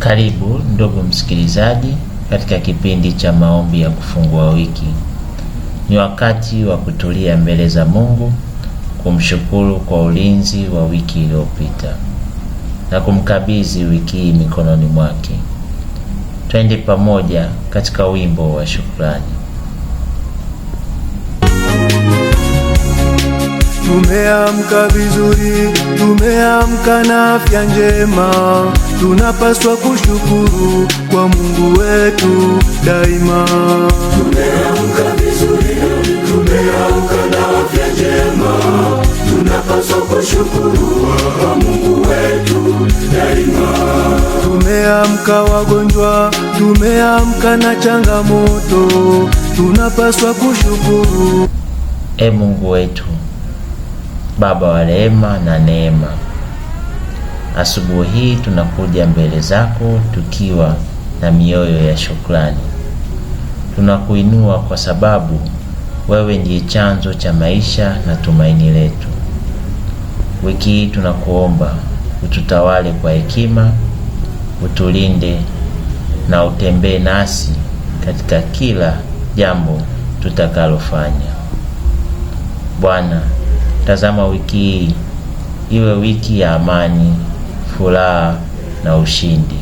Karibu ndugu msikilizaji katika kipindi cha maombi ya kufungua wiki. Ni wakati wa kutulia mbele za Mungu, kumshukuru kwa ulinzi wa wiki iliyopita na kumkabidhi wiki hii mikononi mwake. Twende pamoja katika wimbo wa shukrani. Tumeamka vizuri, tumeamka na afya njema. Tunapaswa kushukuru kwa Mungu wetu daima. Tumeamka vizuri, tumeamka na afya njema. Tunapaswa kushukuru kwa Mungu wetu daima. Tumeamka wagonjwa, tumeamka na changamoto. Tunapaswa kushukuru. E Mungu wetu Baba wa rehema na neema, asubuhi hii tunakuja mbele zako tukiwa na mioyo ya shukrani. Tunakuinua kwa sababu wewe ndiye chanzo cha maisha na tumaini letu. Wiki hii tunakuomba ututawale kwa hekima, utulinde na utembee nasi katika kila jambo tutakalofanya. Bwana Tazama wiki hii iwe wiki ya amani, furaha na ushindi.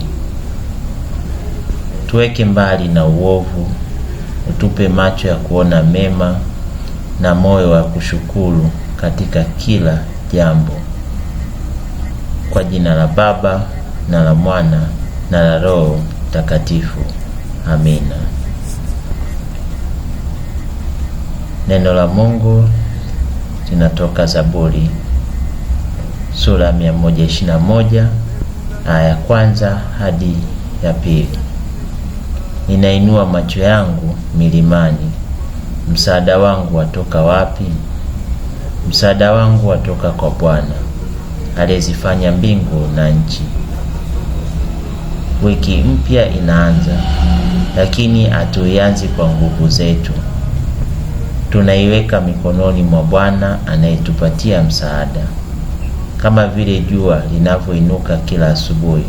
Tuweke mbali na uovu, utupe macho ya kuona mema na moyo wa kushukuru katika kila jambo. Kwa jina la Baba na la Mwana na la Roho Mtakatifu, amina. Neno la Mungu linatoka Zaburi sura ya 121 aya ya kwanza hadi ya pili. Ninainua macho yangu milimani, msaada wangu watoka wapi? Msaada wangu watoka kwa Bwana aliyezifanya mbingu na nchi. Wiki mpya inaanza, lakini hatuianzi kwa nguvu zetu tunaiweka mikononi mwa Bwana anayetupatia msaada. Kama vile jua linavyoinuka kila asubuhi,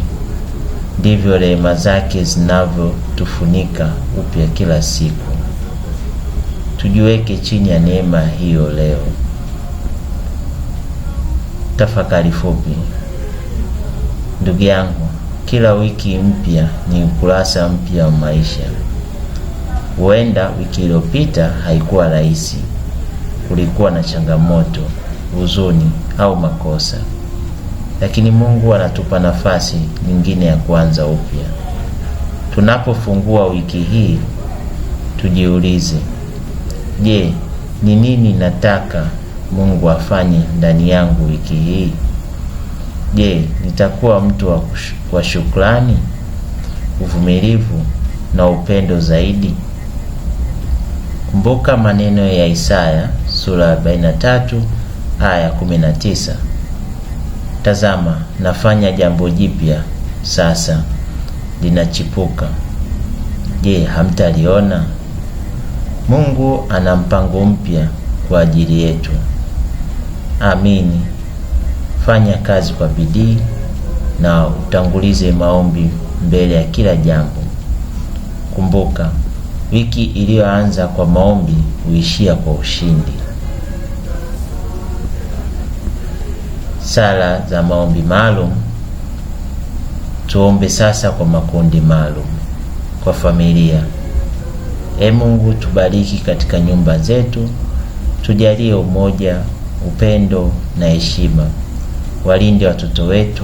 ndivyo rehema zake zinavyotufunika upya kila siku. Tujiweke chini ya neema hiyo leo. Tafakari fupi. Ndugu yangu, kila wiki mpya ni ukurasa mpya wa maisha. Huenda wiki iliyopita haikuwa rahisi, kulikuwa na changamoto, huzuni au makosa, lakini Mungu anatupa nafasi nyingine ya kuanza upya. Tunapofungua wiki hii, tujiulize, je, ni nini nataka Mungu afanye ndani yangu wiki hii? Je, nitakuwa mtu wa, wa shukrani, uvumilivu na upendo zaidi? Kumbuka maneno ya Isaya sura ya 43 aya 19, tazama nafanya jambo jipya sasa linachipuka, je, hamtaliona? Mungu ana mpango mpya kwa ajili yetu. Amini, fanya kazi kwa bidii na utangulize maombi mbele ya kila jambo. Kumbuka Wiki iliyoanza kwa maombi huishia kwa ushindi. Sala za maombi maalum. Tuombe sasa kwa makundi maalum, kwa familia. e Mungu, tubariki katika nyumba zetu, tujalie umoja, upendo na heshima. Walinde watoto wetu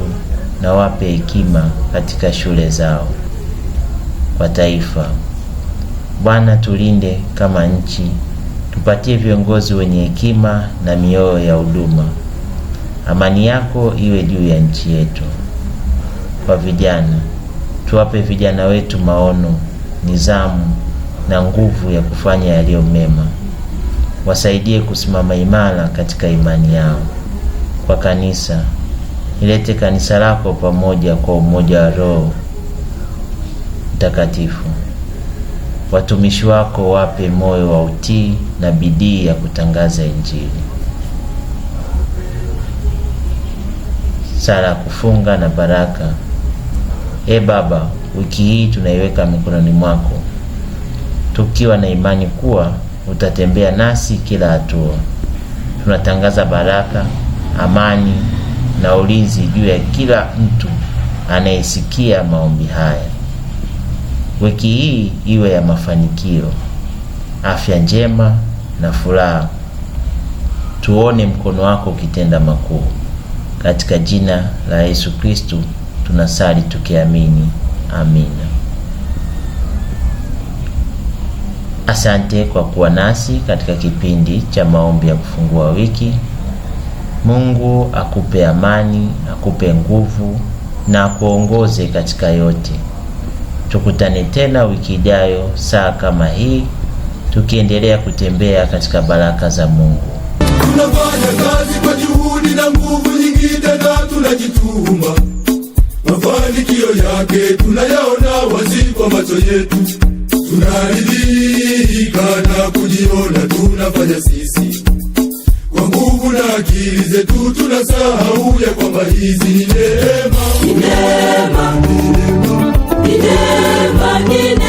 na wape hekima katika shule zao. Kwa taifa Bwana, tulinde kama nchi, tupatie viongozi wenye hekima na mioyo ya huduma. Amani yako iwe juu ya nchi yetu. Kwa vijana, tuwape vijana wetu maono, nidhamu na nguvu ya kufanya yaliyo mema. Wasaidie kusimama imara katika imani yao. Kwa kanisa, ilete kanisa lako pamoja kwa umoja wa Roho Mtakatifu watumishi wako wape moyo wa utii na bidii ya kutangaza Injili. Sala ya kufunga na baraka. E Baba, wiki hii tunaiweka mikononi mwako tukiwa na imani kuwa utatembea nasi kila hatua. Tunatangaza baraka, amani na ulinzi juu ya kila mtu anayesikia maombi haya. Wiki hii iwe ya mafanikio, afya njema na furaha. Tuone mkono wako ukitenda makuu. Katika jina la Yesu Kristu tunasali tukiamini, amina. Asante kwa kuwa nasi katika kipindi cha maombi ya kufungua wiki. Mungu akupe amani, akupe nguvu na akuongoze katika yote. Tukutane tena wiki ijayo saa kama hii tukiendelea kutembea katika baraka za Mungu. Tunafanya kazi kwa juhudi na nguvu nyingi tena tunajituma. Mafanikio yake tunayaona wazi kwa macho yetu. Tunaridhika na kujiona tunafanya sisi kwa nguvu na akili zetu, tunasahau ya kwamba hizi ni neema. Bangine